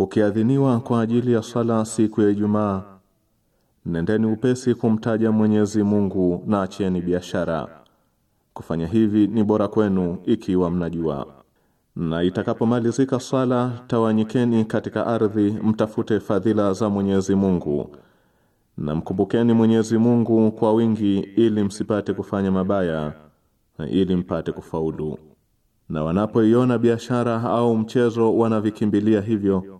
kukiadhiniwa kwa ajili ya sala siku ya Ijumaa, nendeni upesi kumtaja Mwenyezi Mungu na acheni biashara. Kufanya hivi ni bora kwenu ikiwa mnajua. Na itakapomalizika sala, tawanyikeni katika ardhi, mtafute fadhila za Mwenyezi Mungu na mkumbukeni Mwenyezi Mungu kwa wingi, ili msipate kufanya mabaya, ili mpate kufaulu. Na wanapoiona biashara au mchezo, wanavikimbilia hivyo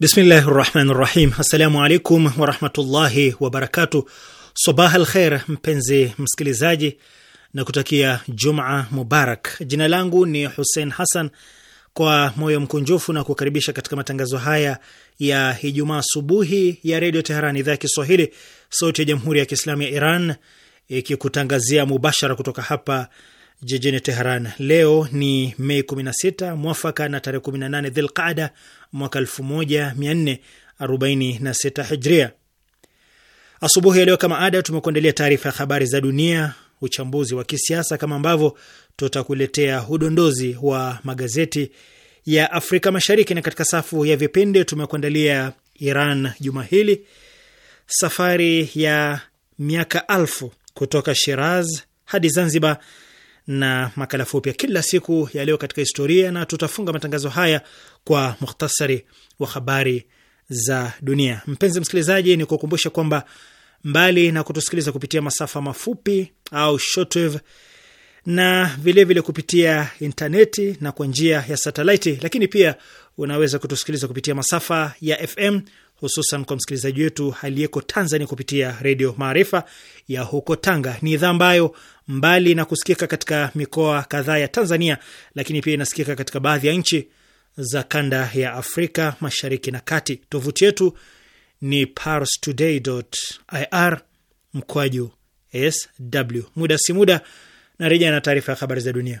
Bismillahi rahmani rahim. Assalamu alaikum warahmatullahi wabarakatu. Sabah al kheir, mpenzi msikilizaji, na kutakia Juma Mubarak. Jina langu ni Husein Hassan, kwa moyo mkunjufu na kukaribisha katika matangazo haya ya Ijumaa asubuhi ya Redio Teheran, idhaa ya Kiswahili, sauti ya Jamhuri ya Kiislamu ya Iran, ikikutangazia mubashara kutoka hapa jijini Teheran. Leo ni Mei 16 mwafaka na tarehe 18 Dhilqada mwaka 1446 Hijria. Asubuhi ya leo kama ada, tumekuandalia taarifa ya habari za dunia, uchambuzi wa kisiasa, kama ambavyo tutakuletea udondozi wa magazeti ya Afrika Mashariki, na katika safu ya vipindi tumekuandalia Iran juma hili, safari ya miaka alfu kutoka Shiraz hadi Zanzibar na makala fupi ya kila siku ya leo katika historia, na tutafunga matangazo haya kwa muhtasari wa habari za dunia. Mpenzi msikilizaji, ni kukumbusha kwamba mbali na kutusikiliza kupitia masafa mafupi au shortwave na vilevile vile kupitia intaneti na kwa njia ya satelaiti, lakini pia unaweza kutusikiliza kupitia masafa ya FM hususan kwa msikilizaji wetu aliyeko Tanzania kupitia Redio Maarifa ya huko Tanga. Ni idhaa ambayo mbali na kusikika katika mikoa kadhaa ya Tanzania, lakini pia inasikika katika baadhi ya nchi za kanda ya Afrika Mashariki na Kati. Tovuti yetu ni parstoday.ir mkwaju sw. Muda si muda na na taarifa ya habari za dunia.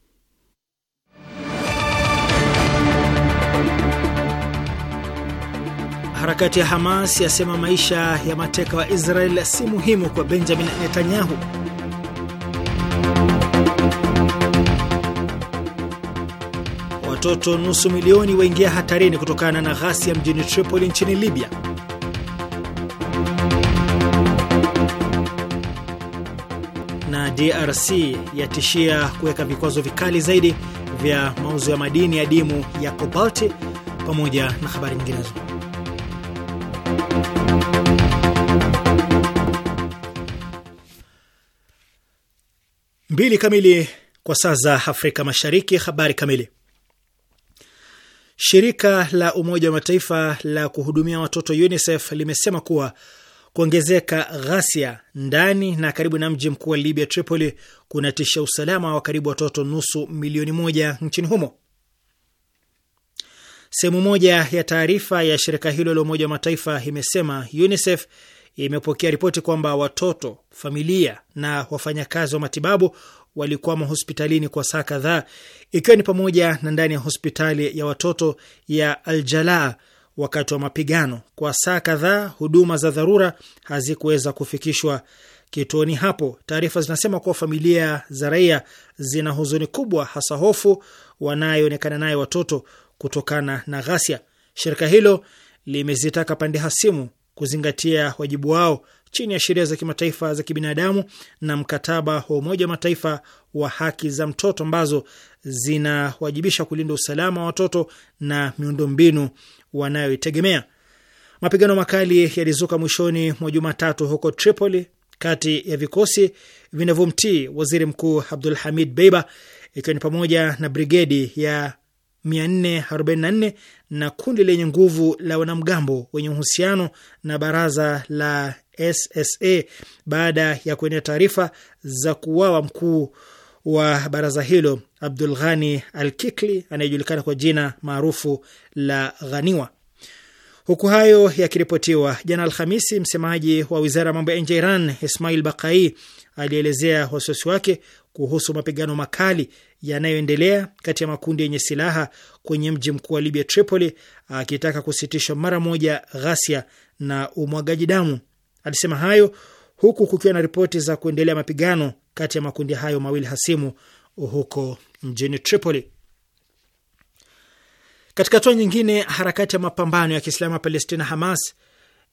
Harakati ya Hamas yasema maisha ya mateka wa Israel si muhimu kwa Benjamin Netanyahu. Watoto nusu milioni waingia hatarini kutokana na ghasia mjini Tripoli nchini Libya. Na DRC yatishia kuweka vikwazo vikali zaidi vya mauzo ya madini ya dimu ya kobalti pamoja na habari nyinginezo. Mbili kamili kwa saa za Afrika Mashariki. Habari kamili. Shirika la Umoja wa Mataifa la kuhudumia watoto UNICEF limesema kuwa kuongezeka ghasia ndani na karibu na mji mkuu wa Libya, Tripoli, kunatisha usalama wa karibu watoto nusu milioni moja nchini humo. Sehemu moja ya taarifa ya shirika hilo la Umoja wa Mataifa imesema UNICEF imepokea ripoti kwamba watoto, familia na wafanyakazi wa matibabu walikwama hospitalini kwa saa kadhaa, ikiwa ni pamoja na ndani ya hospitali ya watoto ya Aljalaa wakati wa mapigano. Kwa saa kadhaa, huduma za dharura hazikuweza kufikishwa kituoni hapo. Taarifa zinasema kuwa familia za raia zina huzuni kubwa, hasa hofu wanayoonekana nayo watoto kutokana na ghasia. Shirika hilo limezitaka pande hasimu kuzingatia wajibu wao chini ya sheria za kimataifa za kibinadamu na mkataba wa Umoja wa Mataifa wa haki za mtoto ambazo zinawajibisha kulinda usalama wa watoto na miundombinu wanayoitegemea. Mapigano makali yalizuka mwishoni mwa Jumatatu huko Tripoli kati ya vikosi vinavyomtii waziri mkuu Abdul Hamid Beiba, ikiwa ni pamoja na brigedi ya 444 na kundi lenye nguvu la wanamgambo wenye uhusiano na baraza la SSA baada ya kuenea taarifa za kuuawa mkuu wa baraza hilo Abdul Ghani Al-Kikli anayejulikana kwa jina maarufu la Ghaniwa. Huku hayo yakiripotiwa jana Alhamisi, msemaji wa wizara ya mambo ya nje ya Iran Ismail Bakai alielezea wasiwasi wake kuhusu mapigano makali yanayoendelea kati ya makundi yenye silaha kwenye mji mkuu wa Libya, Tripoli, akitaka kusitishwa mara moja ghasia na umwagaji damu. Alisema hayo huku kukiwa na ripoti za kuendelea mapigano kati ya makundi hayo mawili hasimu huko mjini Tripoli. Katika hatua nyingine, harakati ya mapambano ya Kiislamu ya Palestina, Hamas,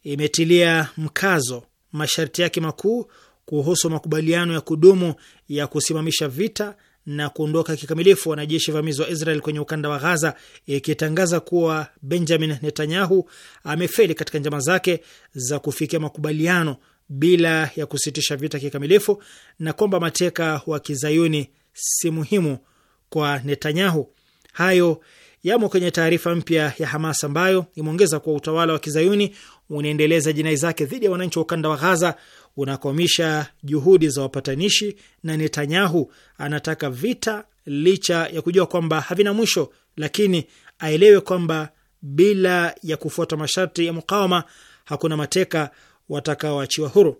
imetilia mkazo masharti yake makuu kuhusu makubaliano ya kudumu ya kusimamisha vita na kuondoka kikamilifu wanajeshi vamizi wa Israel kwenye ukanda wa Ghaza, ikitangaza kuwa Benjamin Netanyahu amefeli katika njama zake za kufikia makubaliano bila ya kusitisha vita kikamilifu na kwamba mateka wa kizayuni si muhimu kwa Netanyahu. Hayo yamo kwenye taarifa mpya ya Hamas ambayo imeongeza kuwa utawala wa kizayuni unaendeleza jinai zake dhidi ya wananchi wa ukanda wa Ghaza unakwamisha juhudi za wapatanishi na Netanyahu anataka vita licha ya kujua kwamba havina mwisho, lakini aelewe kwamba bila ya kufuata masharti ya mukawama hakuna mateka watakaoachiwa huru.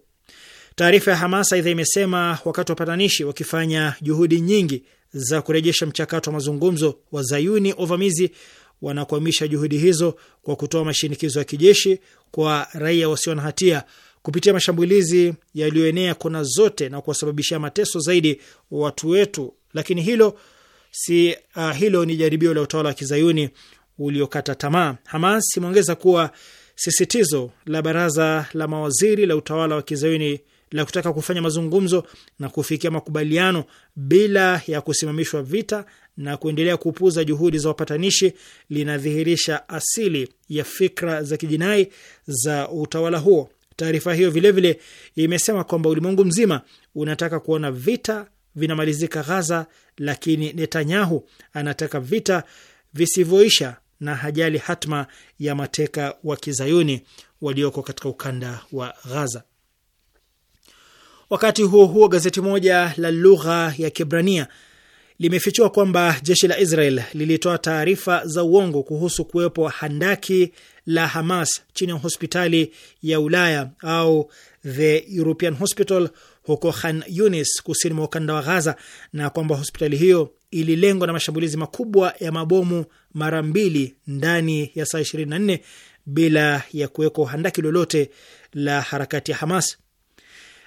Taarifa ya Hamas aidha imesema wakati wapatanishi wakifanya juhudi nyingi za kurejesha mchakato wa mazungumzo, wa zayuni ovamizi wanakwamisha juhudi hizo kwa kutoa mashinikizo ya kijeshi kwa raia wasio na hatia kupitia mashambulizi yaliyoenea kona zote na kuwasababishia mateso zaidi watu wetu, lakini hilo si uh, hilo ni jaribio la utawala wa kizayuni uliokata tamaa. Hamas imeongeza kuwa sisitizo la baraza la mawaziri la utawala wa kizayuni la kutaka kufanya mazungumzo na kufikia makubaliano bila ya kusimamishwa vita na kuendelea kupuuza juhudi za wapatanishi linadhihirisha asili ya fikra za kijinai za utawala huo. Taarifa hiyo vilevile imesema kwamba ulimwengu mzima unataka kuona vita vinamalizika Ghaza, lakini Netanyahu anataka vita visivyoisha na hajali hatma ya mateka wa kizayuni walioko katika ukanda wa Ghaza. Wakati huo huo, gazeti moja la lugha ya Kibrania limefichua kwamba jeshi la Israel lilitoa taarifa za uongo kuhusu kuwepo handaki la Hamas chini ya hospitali ya Ulaya au the European Hospital huko Khan Yunis, kusini mwa ukanda wa Ghaza, na kwamba hospitali hiyo ililengwa na mashambulizi makubwa ya mabomu mara mbili ndani ya saa 24 bila ya kuwekwa handaki lolote la harakati ya Hamas.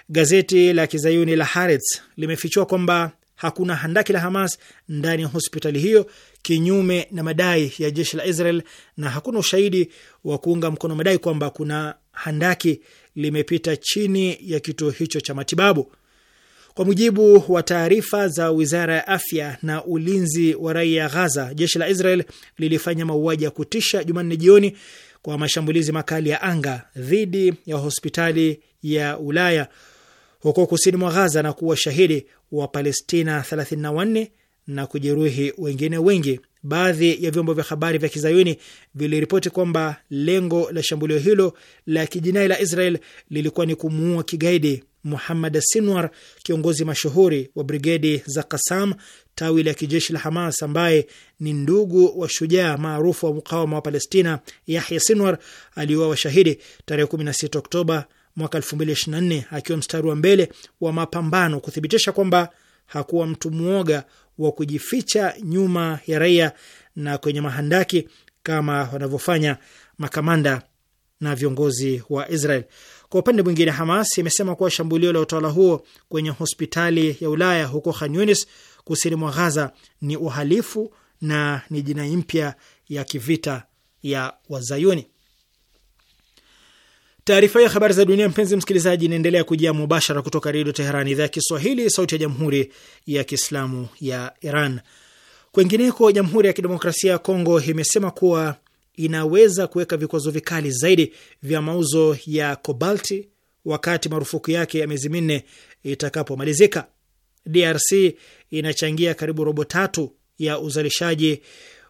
Gazeti la kizayuni la Haaretz limefichua kwamba hakuna handaki la Hamas ndani ya hospitali hiyo, kinyume na madai ya jeshi la Israel, na hakuna ushahidi wa kuunga mkono madai kwamba kuna handaki limepita chini ya kituo hicho cha matibabu. Kwa mujibu wa taarifa za wizara ya afya na ulinzi wa raia ya Ghaza, jeshi la Israel lilifanya mauaji ya kutisha Jumanne jioni kwa mashambulizi makali ya anga dhidi ya hospitali ya Ulaya huko kusini mwa Ghaza na kuwa shahidi wa Palestina 34 na kujeruhi wengine wengi. Baadhi ya vyombo vya habari vya kizayuni viliripoti kwamba lengo la shambulio hilo la kijinai la Israel lilikuwa ni kumuua kigaidi Muhammad Sinwar, kiongozi mashuhuri wa brigedi za Kasam, tawi la kijeshi la Hamas, ambaye ni ndugu wa shujaa maarufu wa mukawama wa Palestina Yahya Sinwar, aliuawa shahidi tarehe 16 Oktoba mwaka 2024 akiwa mstari wa mbele wa mapambano kuthibitisha kwamba hakuwa mtu mwoga wa kujificha nyuma ya raia na kwenye mahandaki kama wanavyofanya makamanda na viongozi wa Israel. Kwa upande mwingine, Hamas imesema kuwa shambulio la utawala huo kwenye hospitali ya Ulaya huko Khan Yunis, kusini mwa Ghaza, ni uhalifu na ni jinai mpya ya kivita ya Wazayuni. Taarifa ya habari za dunia, mpenzi msikilizaji, inaendelea kujia mubashara kutoka Redio Teheran, idhaa ya Kiswahili, sauti ya jamhuri ya kiislamu ya Iran. Kwengineko, Jamhuri ya Kidemokrasia ya Kongo imesema kuwa inaweza kuweka vikwazo vikali zaidi vya mauzo ya kobalti wakati marufuku yake ya miezi minne itakapomalizika. DRC inachangia karibu robo tatu ya uzalishaji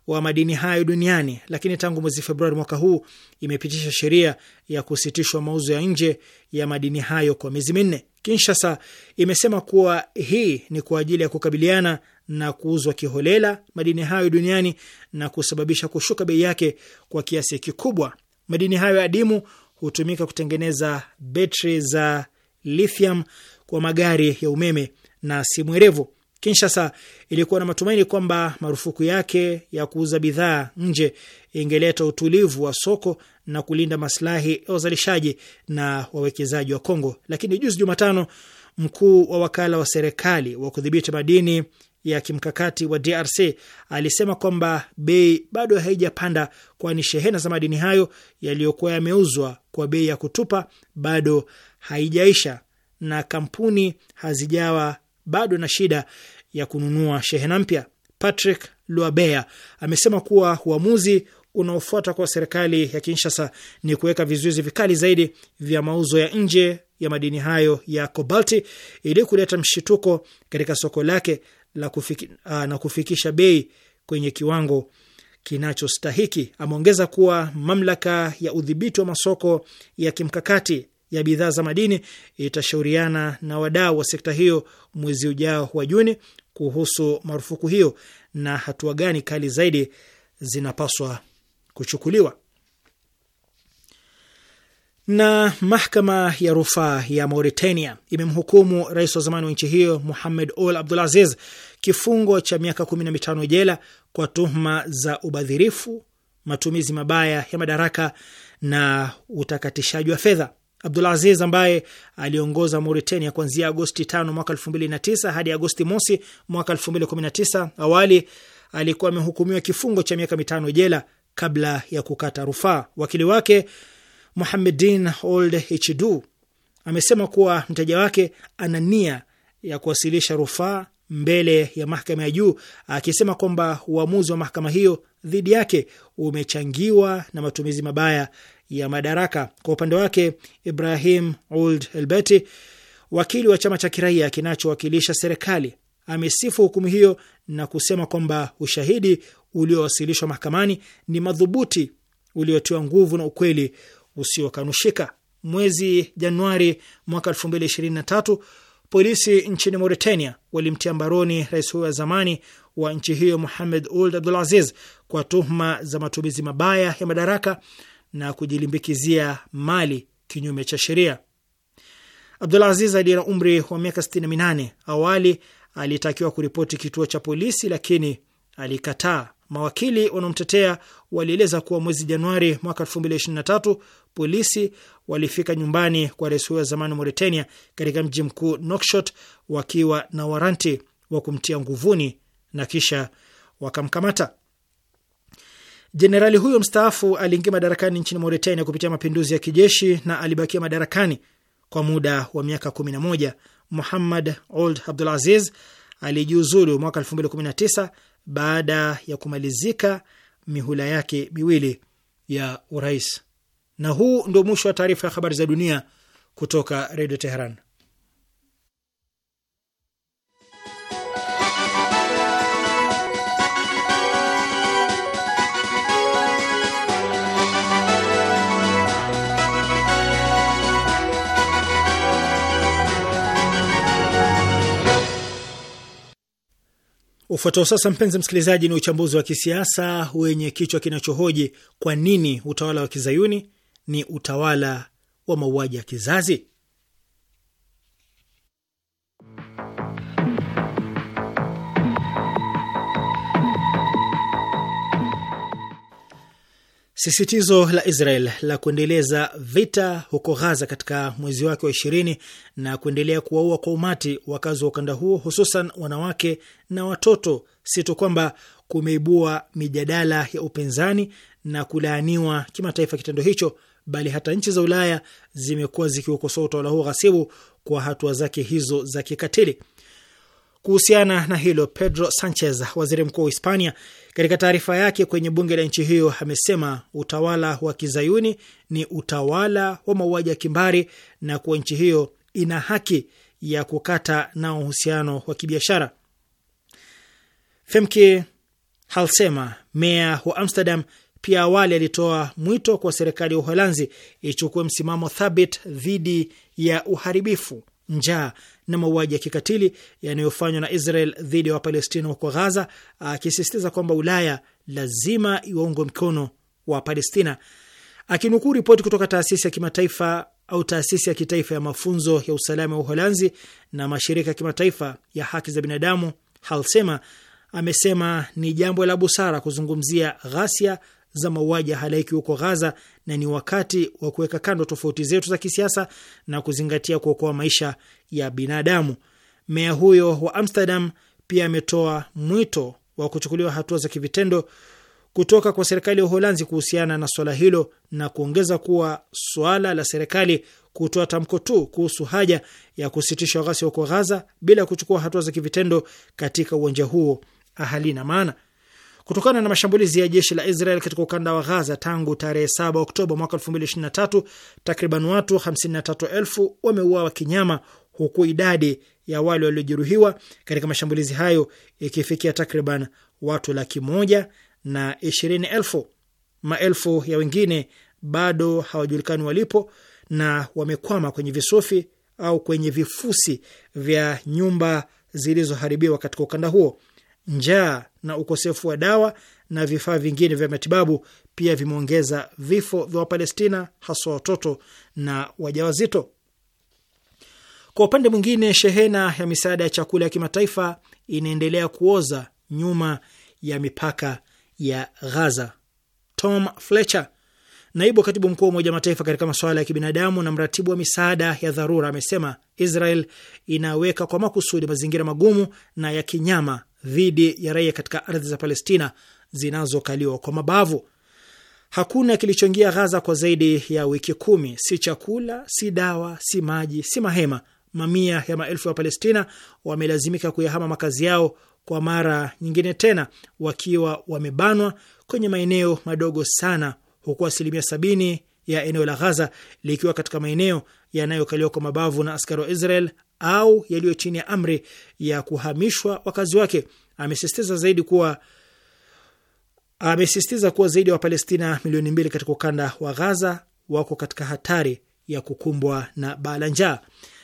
wa madini hayo duniani, lakini tangu mwezi Februari mwaka huu imepitisha sheria ya kusitishwa mauzo ya nje ya madini hayo kwa miezi minne. Kinshasa imesema kuwa hii ni kwa ajili ya kukabiliana na kuuzwa kiholela madini hayo duniani na kusababisha kushuka bei yake kwa kiasi kikubwa. Madini hayo adimu hutumika kutengeneza betri za lithium kwa magari ya umeme na simu erevu. Kinshasa ilikuwa na matumaini kwamba marufuku yake ya kuuza bidhaa nje ingeleta utulivu wa soko na kulinda maslahi ya wazalishaji na wawekezaji wa Kongo, lakini juzi Jumatano, mkuu wa wakala wa serikali wa kudhibiti madini ya kimkakati wa DRC alisema kwamba bei bado haijapanda, kwani shehena za madini hayo yaliyokuwa yameuzwa kwa bei ya kutupa bado haijaisha na kampuni hazijawa bado na shida ya kununua shehena mpya. Patrick Luabea amesema kuwa uamuzi unaofuata kwa serikali ya Kinshasa ni kuweka vizuizi vikali zaidi vya mauzo ya nje ya madini hayo ya kobalti ili kuleta mshituko katika soko lake la kufiki, aa, na kufikisha bei kwenye kiwango kinachostahiki. Ameongeza kuwa mamlaka ya udhibiti wa masoko ya kimkakati ya bidhaa za madini itashauriana na wadau wa sekta hiyo mwezi ujao wa Juni kuhusu marufuku hiyo na hatua gani kali zaidi zinapaswa kuchukuliwa. Na mahakama ya rufaa ya Mauritania imemhukumu rais wa zamani wa nchi hiyo Muhamed Ould aziz kifungo cha miaka kumi na mitano jela kwa tuhuma za ubadhirifu, matumizi mabaya ya madaraka na utakatishaji wa fedha. Abdulaziz ambaye aliongoza Mauritania kuanzia Agosti 5 mwaka 2009 hadi Agosti mosi mwaka 2019. Awali alikuwa amehukumiwa kifungo cha miaka mitano jela kabla ya kukata rufaa. Wakili wake Muhammedin Old Hdu amesema kuwa mteja wake ana nia ya kuwasilisha rufaa mbele ya mahakama ya juu akisema kwamba uamuzi wa mahakama hiyo dhidi yake umechangiwa na matumizi mabaya ya madaraka. Kwa upande wake, Ibrahim Old Elbeti, wakili wa chama cha kiraia kinachowakilisha serikali, amesifu hukumu hiyo na kusema kwamba ushahidi uliowasilishwa mahakamani ni madhubuti, uliotiwa nguvu na ukweli usiokanushika. Mwezi Januari mwaka Polisi nchini Mauritania walimtia mbaroni rais huyo wa zamani wa nchi hiyo Muhamed abdul aziz kwa tuhuma za matumizi mabaya ya madaraka na kujilimbikizia mali kinyume cha sheria. aziz aliye na umri wa miaka 68 awali alitakiwa kuripoti kituo cha polisi, lakini alikataa. Mawakili wanaomtetea walieleza kuwa mwezi Januari mwaka polisi walifika nyumbani kwa rais huyo wa zamani wa Mauritania katika mji mkuu Nouakchott wakiwa na waranti wa kumtia nguvuni na kisha wakamkamata. Jenerali huyo mstaafu aliingia madarakani nchini Mauritania kupitia mapinduzi ya kijeshi na alibakia madarakani kwa muda wa miaka kumi na moja. Muhammad Old Abdul Aziz alijiuzulu mwaka tisa baada ya kumalizika mihula yake miwili ya urais. Na huu ndio mwisho wa taarifa ya habari za dunia kutoka Redio Teheran. Ufuatao sasa, mpenzi msikilizaji, ni uchambuzi wa kisiasa wenye kichwa kinachohoji kwa nini utawala wa kizayuni ni utawala wa mauaji ya kizazi? Sisitizo la Israel la kuendeleza vita huko Ghaza katika mwezi wake wa ishirini na kuendelea kuwaua kwa umati wakazi wa ukanda huo hususan wanawake na watoto, si tu kwamba kumeibua mijadala ya upinzani na kulaaniwa kimataifa kitendo hicho, bali hata nchi za Ulaya zimekuwa zikiukosoa utawala huo ghasibu kwa hatua zake hizo za kikatili. Kuhusiana na hilo, Pedro Sanchez, waziri mkuu wa Hispania, katika taarifa yake kwenye bunge la nchi hiyo amesema utawala wa kizayuni ni utawala wa mauaji ya kimbari na kuwa nchi hiyo ina haki ya kukata na uhusiano wa kibiashara. Femke Halsema, meya wa Amsterdam, pia awali alitoa mwito kwa serikali ya Uholanzi ichukue msimamo thabit dhidi ya uharibifu, njaa na mauaji ya kikatili yanayofanywa na Israel dhidi ya Wapalestina huko Ghaza, akisisitiza kwamba Ulaya lazima iwaunge mkono wa Palestina. Akinukuu ripoti kutoka taasisi ya kimataifa au taasisi ya kitaifa ya mafunzo ya usalama wa Uholanzi na mashirika ya kimataifa ya haki za binadamu Halsema amesema ni jambo la busara kuzungumzia ghasia za mauaji ya halaiki huko Ghaza, na ni wakati wa kuweka kando tofauti zetu za kisiasa na kuzingatia kuokoa maisha ya binadamu. Meya huyo wa Amsterdam pia ametoa mwito wa kuchukuliwa hatua za kivitendo kutoka kwa serikali ya Uholanzi kuhusiana na swala hilo na kuongeza kuwa swala la serikali kutoa tamko tu kuhusu haja ya kusitisha ghasia huko Ghaza bila kuchukua hatua za kivitendo katika uwanja huo halina maana kutokana na mashambulizi ya jeshi la Israel katika ukanda wa Ghaza tangu tarehe 7 Oktoba mwaka 2023, takriban watu 53,000 wameuawa kinyama, huku idadi ya wale waliojeruhiwa katika mashambulizi hayo ikifikia takriban watu laki moja na ishirini Maelfu ya wengine bado hawajulikani walipo na wamekwama kwenye visufi au kwenye vifusi vya nyumba zilizoharibiwa katika ukanda huo njaa na ukosefu wa dawa na vifaa vingine vya matibabu pia vimeongeza vifo vya Wapalestina, haswa watoto na wajawazito. Kwa upande mwingine, shehena ya misaada ya chakula ya kimataifa inaendelea kuoza nyuma ya mipaka ya Ghaza. Tom Fletcher, naibu katibu mkuu wa Umoja wa Mataifa katika masuala ya kibinadamu na mratibu wa misaada ya dharura, amesema Israel inaweka kwa makusudi mazingira magumu na ya kinyama dhidi ya raia katika ardhi za Palestina zinazokaliwa kwa mabavu. Hakuna kilichoingia Ghaza kwa zaidi ya wiki kumi, si chakula, si dawa, si maji, si mahema. Mamia ya maelfu ya Palestina wamelazimika kuyahama makazi yao kwa mara nyingine tena, wakiwa wamebanwa kwenye maeneo madogo sana, huku asilimia sabini ya eneo la Ghaza likiwa katika maeneo yanayokaliwa kwa mabavu na askari wa Israel au yaliyo chini ya amri ya kuhamishwa wakazi wake. Amesisitiza zaidi kuwa amesisitiza kuwa zaidi ya wa Wapalestina milioni mbili katika ukanda wa Ghaza wako katika hatari ya kukumbwa na baa la njaa.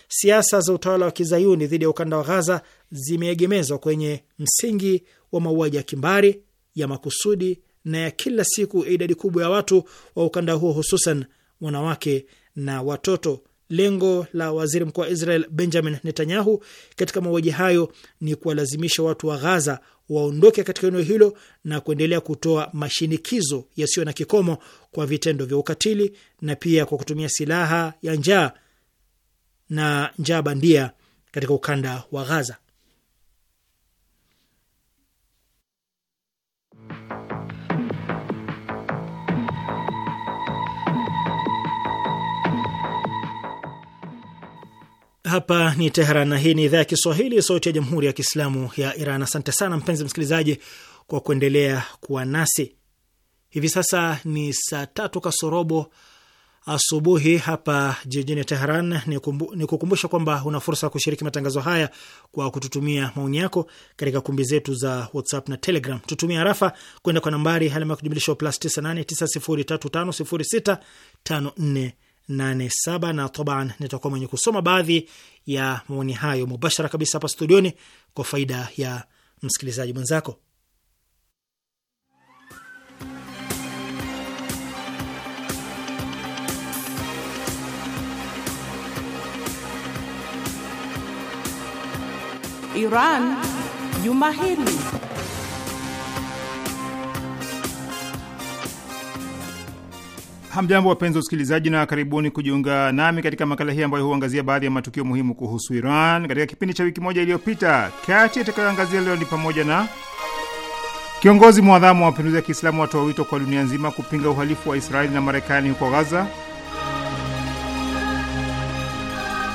Siasa za utawala wa kizayuni dhidi ya ukanda wa Ghaza zimeegemezwa kwenye msingi wa mauaji ya kimbari ya makusudi na ya kila siku ya idadi kubwa ya watu wa ukanda huo, hususan wanawake na watoto. Lengo la waziri mkuu wa Israel Benjamin Netanyahu katika mauaji hayo ni kuwalazimisha watu wa Ghaza waondoke katika eneo hilo na kuendelea kutoa mashinikizo yasiyo na kikomo kwa vitendo vya ukatili na pia kwa kutumia silaha ya njaa na njaa bandia katika ukanda wa Ghaza. Hapa ni Teheran na hii ni idhaa ya Kiswahili, sauti ya jamhuri ya kiislamu ya Iran. Asante sana mpenzi msikilizaji kwa kuendelea kuwa nasi. Hivi sasa ni saa tatu kasorobo asubuhi hapa jijini Teheran. Ni kukumbusha kwamba una fursa ya kushiriki matangazo haya kwa kututumia maoni yako katika kumbi zetu za WhatsApp na Telegram. Tutumia harafa kwenda kwa nambari alama ya kujumlisha plus 98 90350654 87 na taban nitakuwa mwenye kusoma baadhi ya maoni hayo mubashara kabisa hapa studioni kwa faida ya msikilizaji mwenzako. Iran Juma hili Hamjambo, wapenzi wa usikilizaji, na karibuni kujiunga nami katika makala hii ambayo huangazia baadhi ya matukio muhimu kuhusu Iran katika kipindi cha wiki moja iliyopita. Kati itakayoangazia leo ni pamoja na kiongozi mwadhamu wa mapinduzi ya Kiislamu watoa wito kwa dunia nzima kupinga uhalifu wa Israeli na Marekani huko Gaza,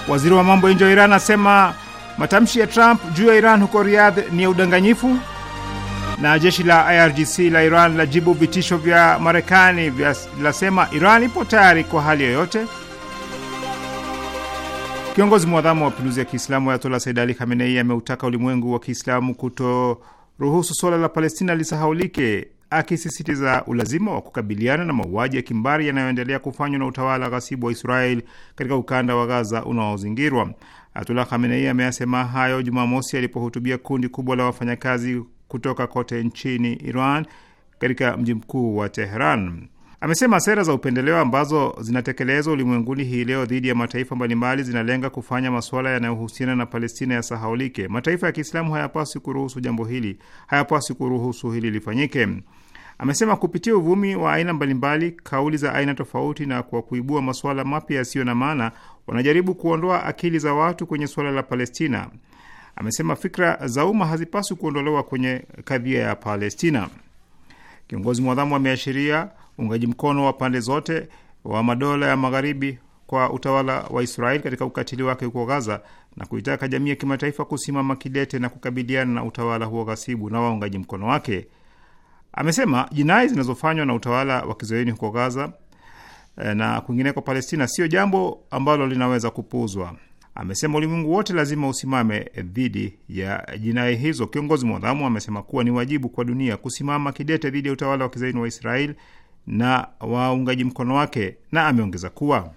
waziri wa mambo ya nje wa Iran asema matamshi ya Trump juu ya Iran huko Riyadh ni ya udanganyifu na jeshi la IRGC la Iran lajibu vitisho vya Marekani, lasema Iran ipo tayari kwa hali yoyote. Kiongozi mwadhamu wa mapinduzi ya Kiislamu Ayatola Said Ali Khamenei ameutaka ulimwengu wa Kiislamu kutoruhusu suala la Palestina lisahaulike, akisisitiza ulazima wa kukabiliana na mauaji ya kimbari yanayoendelea kufanywa na utawala ghasibu wa Israel katika ukanda wa Gaza unaozingirwa. Ayatola Khamenei ameyasema hayo Jumamosi alipohutubia kundi kubwa la wafanyakazi kutoka kote nchini Iran katika mji mkuu wa teheran Amesema sera za upendeleo ambazo zinatekelezwa ulimwenguni hii leo dhidi ya mataifa mbalimbali zinalenga kufanya masuala yanayohusiana na Palestina yasahaulike. Mataifa ya Kiislamu hayapaswi kuruhusu jambo hili, hayapaswi kuruhusu hili lifanyike. Amesema kupitia uvumi wa aina mbalimbali, kauli za aina tofauti, na kwa kuibua masuala mapya yasiyo na maana, wanajaribu kuondoa akili za watu kwenye suala la Palestina amesema fikra za umma hazipaswi kuondolewa kwenye kadhia ya Palestina. Kiongozi mwadhamu ameashiria uungaji mkono wa pande zote wa madola ya magharibi kwa utawala wa Israeli katika ukatili wake huko Gaza na kuitaka jamii ya kimataifa kusimama kidete na kukabiliana na utawala huo ghasibu na waungaji mkono wake. Amesema jinai zinazofanywa na utawala wa kizoeni huko Gaza eh, na kwingineko Palestina sio jambo ambalo linaweza kupuuzwa amesema ulimwengu wote lazima usimame dhidi ya jinai hizo. Kiongozi mwadhamu amesema kuwa ni wajibu kwa dunia kusimama kidete dhidi ya utawala wa kizaini wa Israel na waungaji mkono wake, na ameongeza kuwa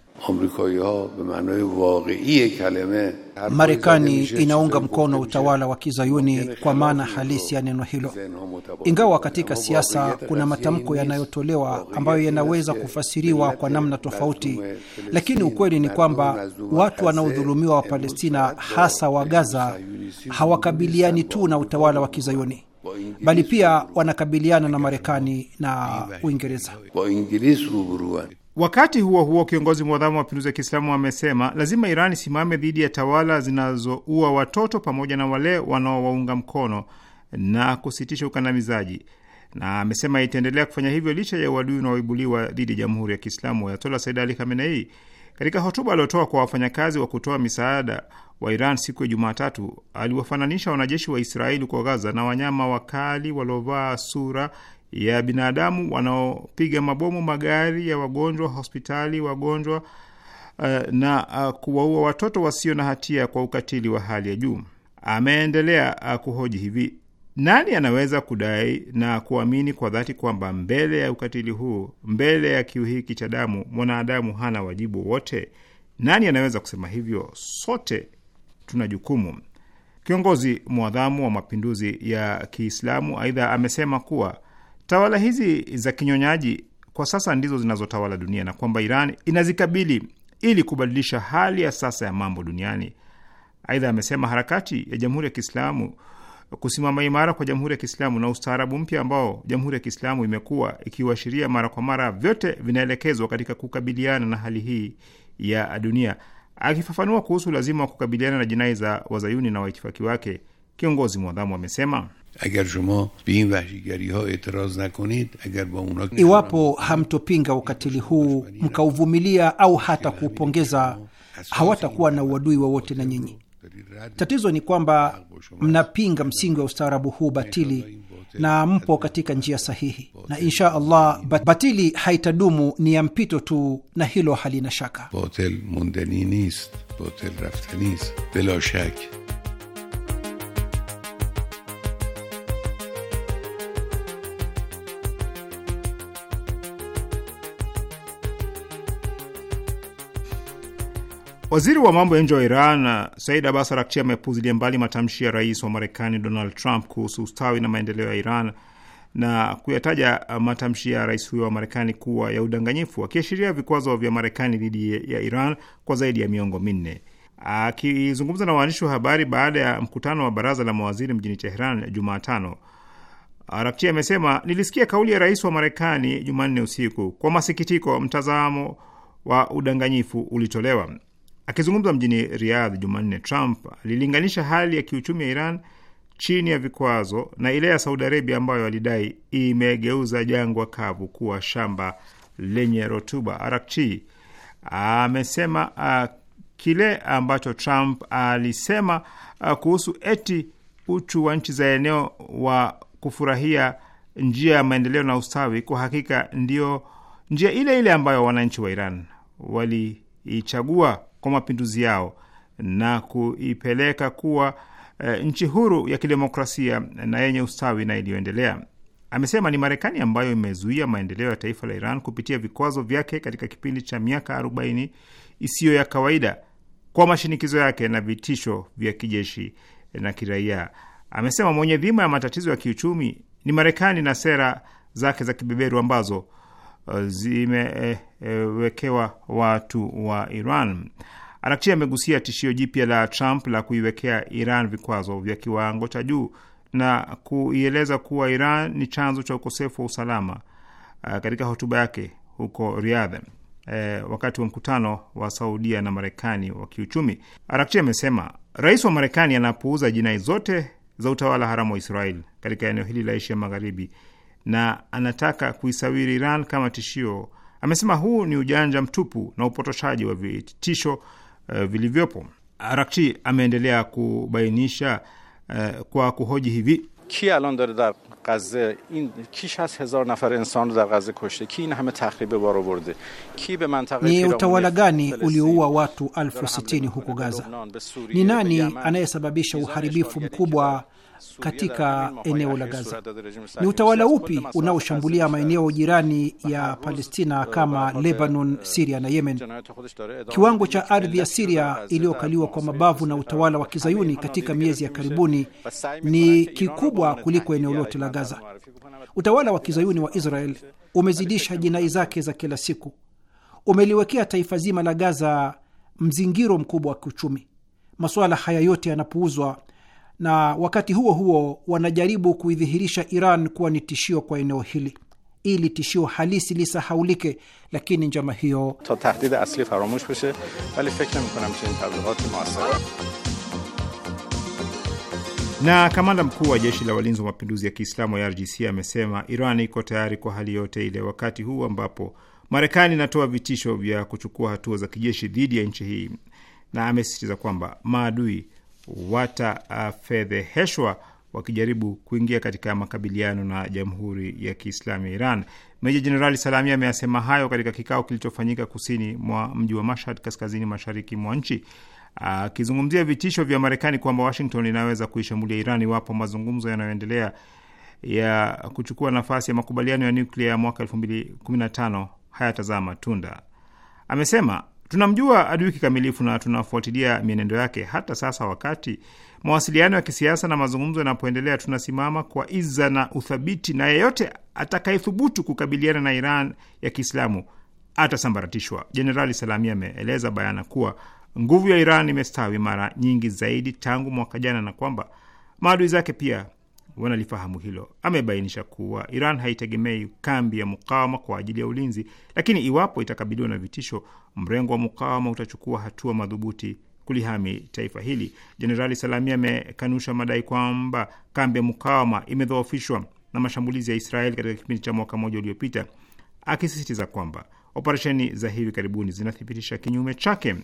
Marekani inaunga mkono utawala wa kizayuni kwa maana halisi ya neno hilo, ingawa katika siasa kuna matamko yanayotolewa ambayo yanaweza kufasiriwa kwa namna tofauti, lakini ukweli ni kwamba watu wanaodhulumiwa wa Palestina, hasa wa Gaza, hawakabiliani tu na utawala wa kizayuni bali pia wanakabiliana na Marekani na Uingereza. Wakati huo huo, kiongozi mwadhamu wa mapinduzi ya Kiislamu amesema lazima Iran isimame dhidi ya tawala zinazoua watoto pamoja na wale wanaowaunga mkono na kusitisha ukandamizaji, na amesema itaendelea kufanya hivyo licha ya uadui unaoibuliwa dhidi ya jamhuri ya Kiislamu. Ayatola Said Ali Khamenei katika hotuba aliotoa kwa wafanyakazi wa kutoa misaada wa Iran siku ya Jumatatu aliwafananisha wanajeshi wa Israeli kwa Gaza na wanyama wakali waliovaa sura ya binadamu wanaopiga mabomu magari ya wagonjwa, hospitali, wagonjwa eh, na eh, kuwaua watoto wasio na hatia kwa ukatili wa hali ya juu. Ameendelea eh, kuhoji hivi, nani anaweza kudai na kuamini kwa dhati kwamba mbele ya ukatili huu, mbele ya kiu hiki cha damu, mwanadamu hana wajibu wote? Nani anaweza kusema hivyo? Sote tuna jukumu. Kiongozi mwadhamu wa mapinduzi ya Kiislamu aidha amesema kuwa Tawala hizi za kinyonyaji kwa sasa ndizo zinazotawala dunia na kwamba Iran inazikabili ili kubadilisha hali ya sasa ya mambo duniani. Aidha, amesema harakati ya Jamhuri ya Kiislamu, kusimama imara kwa Jamhuri ya Kiislamu na ustaarabu mpya ambao Jamhuri ya Kiislamu imekuwa ikiuashiria mara kwa mara, vyote vinaelekezwa katika kukabiliana na hali hii ya dunia. Akifafanua kuhusu lazima wa kukabiliana na jinai za wazayuni na waitifaki wake, kiongozi mwadhamu amesema اگر شما به این وحشیگری ها اعتراض نکنید اگر با اونا iwapo hamtopinga ukatili huu mkauvumilia au hata kuupongeza hawatakuwa na uadui wowote na nyinyi tatizo ni kwamba mnapinga msingi wa ustaarabu huu batili na mpo katika njia sahihi na insha allah batili haitadumu ni ya mpito tu na hilo halina shaka botel mundenii nist botel raftanist bila shaka Waziri wa mambo ya nje wa Iran Said Abbas Arakchi amepuzilia mbali matamshi ya rais wa Marekani Donald Trump kuhusu ustawi na maendeleo ya Iran na kuyataja matamshi ya rais huyo wa Marekani kuwa ya udanganyifu, akiashiria vikwazo vya Marekani dhidi ya Iran kwa zaidi ya miongo minne. Akizungumza na waandishi wa habari baada ya mkutano wa baraza la mawaziri mjini Teheran Jumatano, Arakchi amesema, nilisikia kauli ya rais wa Marekani Jumanne usiku. Kwa masikitiko, mtazamo wa udanganyifu ulitolewa. Akizungumza mjini Riyadh Jumanne, Trump alilinganisha hali ya kiuchumi ya Iran chini ya vikwazo na ile ya Saudi Arabia ambayo alidai imegeuza jangwa kavu kuwa shamba lenye rutuba. Arakchi amesema uh, kile ambacho Trump alisema uh, kuhusu eti uchu wa nchi za eneo wa kufurahia njia ya maendeleo na ustawi, kwa hakika ndio njia ile ile ambayo wananchi wa Iran waliichagua kwa mapinduzi yao na kuipeleka kuwa e, nchi huru ya kidemokrasia na yenye ustawi na iliyoendelea. Amesema ni Marekani ambayo imezuia maendeleo ya taifa la Iran kupitia vikwazo vyake katika kipindi cha miaka 40 isiyo ya kawaida kwa mashinikizo yake na vitisho vya kijeshi na kiraia. Amesema mwenye dhima ya matatizo ya kiuchumi ni Marekani na sera zake za kibeberu ambazo zimewekewa watu wa Iran. Arakchi amegusia tishio jipya la Trump la kuiwekea Iran vikwazo vya kiwango cha juu na kuieleza kuwa Iran ni chanzo cha ukosefu wa usalama eh, katika hotuba yake huko Riyadh e, wakati wa mkutano wa Saudia na Marekani wa kiuchumi. Arakchi amesema rais wa Marekani anapuuza jinai zote za utawala haramu wa Israeli katika eneo hili la Asia Magharibi na anataka kuisawiri Iran kama tishio. Amesema huu ni ujanja mtupu na upotoshaji wa vitisho uh, vilivyopo. Arakchi ameendelea kubainisha uh, kwa kuhoji hivi ki dare dar gaze in hezar nafar insan dar gaze koshte ki in hame ki be mantaqe ni utawala gani ulioua watu elfu sitini huko Gaza? Ni nani anayesababisha uharibifu mkubwa katika eneo la Gaza. Ni utawala upi unaoshambulia maeneo jirani ya Palestina kama Lebanon, eh, Siria na Yemen? Kiwango cha ardhi ya Siria iliyokaliwa kwa mabavu na utawala wa kizayuni katika miezi ya karibuni ni kikubwa kuliko eneo lote la Gaza. Utawala wa kizayuni wa Israel umezidisha jinai zake za kila siku. Umeliwekea taifa zima la Gaza mzingiro mkubwa wa kiuchumi. Masuala haya yote yanapuuzwa na wakati huo huo wanajaribu kuidhihirisha Iran kuwa ni tishio kwa eneo hili ili tishio halisi lisahaulike, lakini njama hiyo na kamanda mkuu wa jeshi la walinzi wa mapinduzi ya Kiislamu ya IRGC amesema Iran iko tayari kwa hali yote ile, wakati huu ambapo Marekani inatoa vitisho vya kuchukua hatua za kijeshi dhidi ya nchi hii, na amesisitiza kwamba maadui watafedheheshwa wakijaribu kuingia katika makabiliano na Jamhuri ya Kiislamu ya Iran. Meja Jenerali Salami ameyasema hayo katika kikao kilichofanyika kusini mwa mji wa Mashhad, kaskazini mashariki mwa nchi, akizungumzia vitisho vya Marekani kwamba Washington inaweza kuishambulia Iran iwapo mazungumzo yanayoendelea ya kuchukua nafasi ya makubaliano ya nuklia ya mwaka 2015 hayatazaa matunda. Amesema Tunamjua adui kikamilifu na tunafuatilia mienendo yake. Hata sasa, wakati mawasiliano ya kisiasa na mazungumzo yanapoendelea, tunasimama kwa iza na uthabiti, na yeyote atakayethubutu kukabiliana na Iran ya Kiislamu atasambaratishwa. Jenerali Salami ameeleza bayana kuwa nguvu ya Iran imestawi mara nyingi zaidi tangu mwaka jana na kwamba maadui zake pia wanalifahamu hilo. Amebainisha kuwa Iran haitegemei kambi ya mukawama kwa ajili ya ulinzi, lakini iwapo itakabiliwa na vitisho, mrengo wa mukawama utachukua hatua madhubuti kulihami taifa hili. Jenerali Salami amekanusha madai kwamba kambi ya mukawama imedhoofishwa na mashambulizi ya Israeli katika kipindi cha mwaka mmoja uliopita, akisisitiza kwamba operesheni za hivi karibuni zinathibitisha kinyume chake.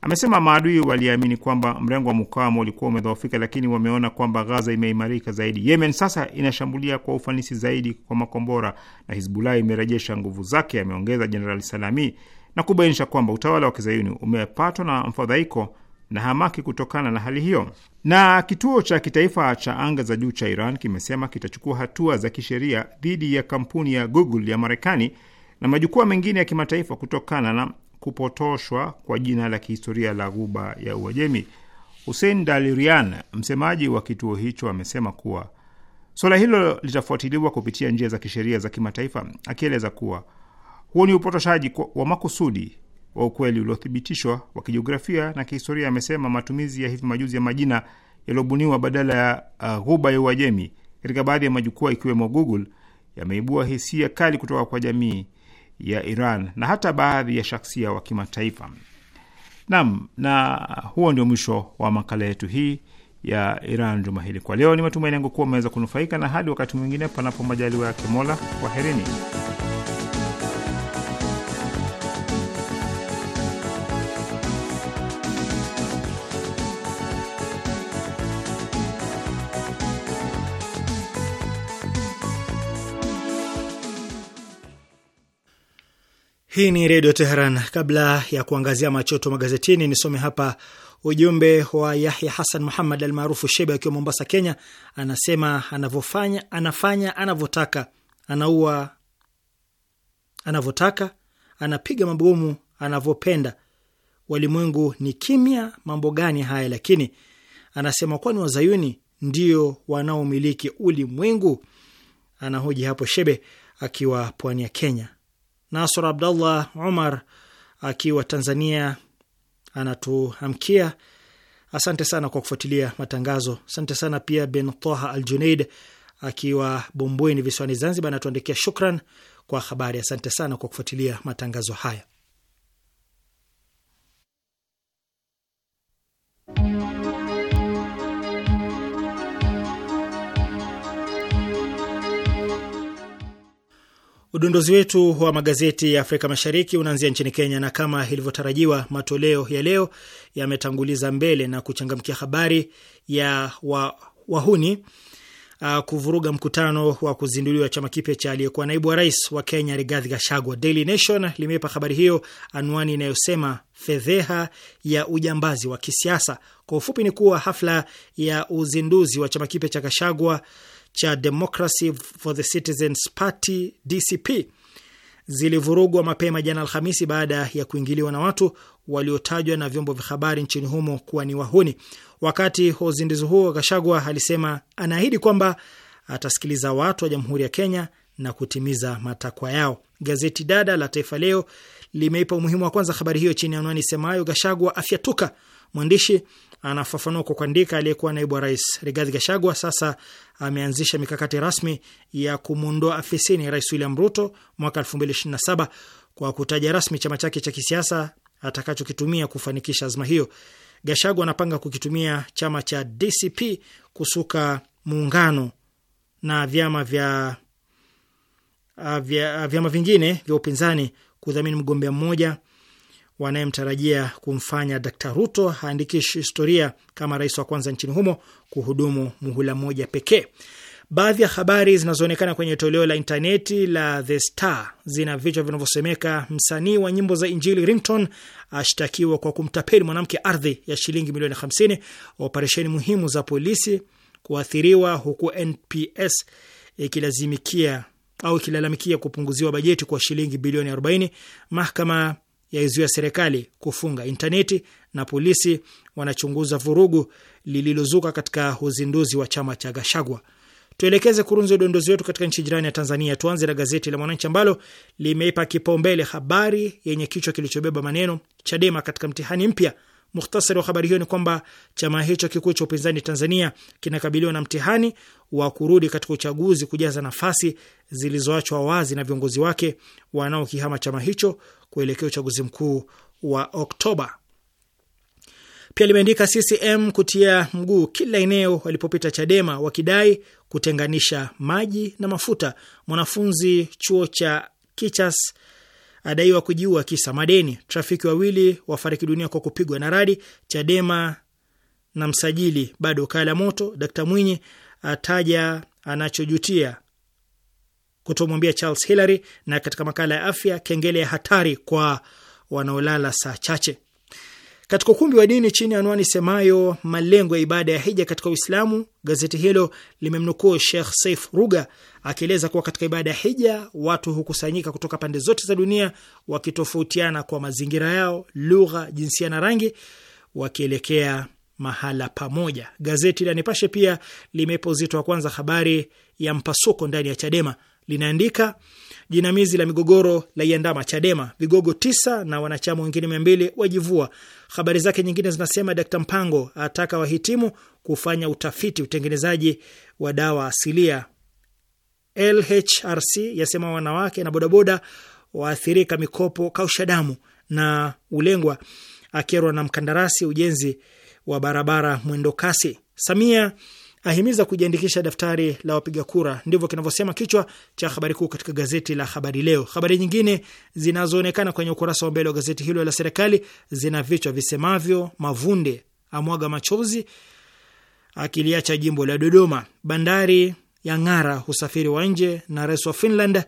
Amesema maadui waliamini kwamba mrengo wa mukawama ulikuwa umedhoofika, lakini wameona kwamba Gaza imeimarika zaidi. Yemen sasa inashambulia kwa ufanisi zaidi kwa makombora na Hizbullah imerejesha nguvu zake, ameongeza Jenerali Salami na kubainisha kwamba utawala wa kizayuni umepatwa na mfadhaiko na hamaki kutokana na hali hiyo. Na kituo cha kitaifa cha anga za juu cha Iran kimesema kitachukua hatua za kisheria dhidi ya kampuni ya Google ya Marekani na majukwaa mengine ya kimataifa kutokana na kupotoshwa kwa jina la kihistoria la Ghuba ya Uajemi. Hussein Dalirian, msemaji wa kituo hicho, amesema kuwa suala hilo litafuatiliwa kupitia njia za kisheria za kimataifa, akieleza kuwa huo ni upotoshaji wa makusudi wa ukweli uliothibitishwa wa kijiografia na kihistoria. Amesema matumizi ya hivi majuzi ya majina yaliyobuniwa badala ya uh, Ghuba ya Uajemi katika baadhi ya majukwaa ikiwemo Google yameibua hisia kali kutoka kwa jamii ya Iran na hata baadhi ya shaksia wa kimataifa. Naam, na huo ndio mwisho wa makala yetu hii ya Iran juma hili. Kwa leo, ni matumaini yangu kuwa umeweza kunufaika, na hadi wakati mwingine, panapo majaliwa yake Mola, kwaherini. Hii ni Redio Teheran. Kabla ya kuangazia machoto magazetini, nisome hapa ujumbe wa Yahya Hasan Muhammad almaarufu Shebe akiwa Mombasa, Kenya. Anasema anavofanya, anafanya anavyotaka, anaua anavyotaka, anapiga mabomu anavyopenda. Walimwengu ni kimya, mambo gani haya? Lakini anasema kwani wazayuni ndio wanaomiliki ulimwengu? Anahoji hapo Shebe akiwa pwani ya Kenya. Nasr Abdallah Umar akiwa Tanzania anatuamkia. Asante sana kwa kufuatilia matangazo. Asante sana pia Ben Toha Al Junaid akiwa Bumbwini visiwani Zanzibar anatuandikia shukran kwa habari. Asante sana kwa kufuatilia matangazo haya. Udondozi wetu wa magazeti ya Afrika Mashariki unaanzia nchini Kenya, na kama ilivyotarajiwa matoleo ya leo yametanguliza mbele na kuchangamkia habari ya wa, wahuni uh, kuvuruga mkutano wa kuzinduliwa chama kipya cha aliyekuwa naibu wa rais wa Kenya Rigathi Gachagua. Daily Nation limeipa habari hiyo anwani inayosema fedheha ya ujambazi wa kisiasa. Kwa ufupi ni kuwa hafla ya uzinduzi wa chama kipya cha Gachagua cha Democracy for the Citizens Party DCP zilivurugwa mapema jana Alhamisi baada ya kuingiliwa na watu waliotajwa na vyombo vya habari nchini humo kuwa ni wahuni. Wakati wa uzinduzi huo, Gashagwa alisema anaahidi kwamba atasikiliza watu wa Jamhuri ya Kenya na kutimiza matakwa yao. Gazeti dada la Taifa Leo limeipa umuhimu wa kwanza habari hiyo chini ya anwani semayo, Gashagwa afyatuka. Mwandishi Anafafanua kwa kuandika, aliyekuwa naibu wa rais Rigathi Gachagua sasa ameanzisha mikakati rasmi ya kumwondoa afisini Rais William Ruto mwaka 2027 kwa kutaja rasmi chama chake cha kisiasa atakachokitumia kufanikisha azma hiyo. Gachagua anapanga kukitumia chama cha DCP kusuka muungano na vyama vya vyama vingine vya upinzani kudhamini mgombea mmoja wanayemtarajia kumfanya Dkt Ruto aandikishe historia kama rais wa kwanza nchini humo kuhudumu muhula mmoja pekee. Baadhi ya habari zinazoonekana kwenye toleo la intaneti la The Star zina vichwa vinavyosemeka: msanii wa nyimbo za Injili Rington ashtakiwa kwa kumtapeli mwanamke ardhi ya shilingi milioni 50; operesheni muhimu za polisi kuathiriwa, huku NPS ikilazimikia au ikilalamikia kupunguziwa bajeti kwa shilingi bilioni 40; mahakama yaizuia serikali kufunga intaneti na polisi wanachunguza vurugu lililozuka katika uzinduzi wa chama cha Gashagwa. Tuelekeze kurunzi udondozi wetu katika nchi jirani ya Tanzania. Tuanze na gazeti la Mwananchi ambalo limeipa kipaumbele habari yenye kichwa kilichobeba maneno Chadema katika mtihani mpya Mukhtasari wa habari hiyo ni kwamba chama hicho kikuu cha upinzani Tanzania kinakabiliwa na mtihani wa kurudi katika uchaguzi kujaza nafasi zilizoachwa wazi na viongozi wake wanaokihama chama hicho kuelekea uchaguzi mkuu wa Oktoba. Pia limeandika CCM kutia mguu kila eneo walipopita Chadema wakidai kutenganisha maji na mafuta. Mwanafunzi chuo cha Kichas adaiwa kujiua kisa madeni. Trafiki wawili wafariki dunia kwa kupigwa na radi. Chadema na msajili bado kaa la moto. Dkt Mwinyi ataja anachojutia kutomwambia Charles Hillary. Na katika makala ya afya, kengele ya hatari kwa wanaolala saa chache. Katika ukumbi wa dini chini ya anwani semayo malengo ya ibada ya hija katika Uislamu, gazeti hilo limemnukuu Sheikh Saif Ruga akieleza kuwa katika ibada ya hija watu hukusanyika kutoka pande zote za dunia, wakitofautiana kwa mazingira yao, lugha, jinsia na rangi, wakielekea mahala pamoja. Gazeti la Nipashe pia limepa uzito wa kwanza habari ya mpasuko ndani ya Chadema, linaandika Jinamizi la migogoro la iandama Chadema, vigogo tisa na wanachama wengine mia mbili wajivua. Habari zake nyingine zinasema Dkt Mpango ataka wahitimu kufanya utafiti utengenezaji wa dawa asilia. LHRC yasema wanawake na bodaboda waathirika mikopo kausha damu, na ulengwa akerwa na mkandarasi ujenzi wa barabara mwendokasi Samia ahimiza kujiandikisha daftari la wapiga kura. Ndivyo kinavyosema kichwa cha habari kuu katika gazeti la Habari Leo. Habari nyingine zinazoonekana kwenye ukurasa wa mbele wa gazeti hilo la serikali zina vichwa visemavyo: Mavunde amwaga machozi akiliacha jimbo la Dodoma, bandari ya ng'ara usafiri wa nje, na rais wa Finland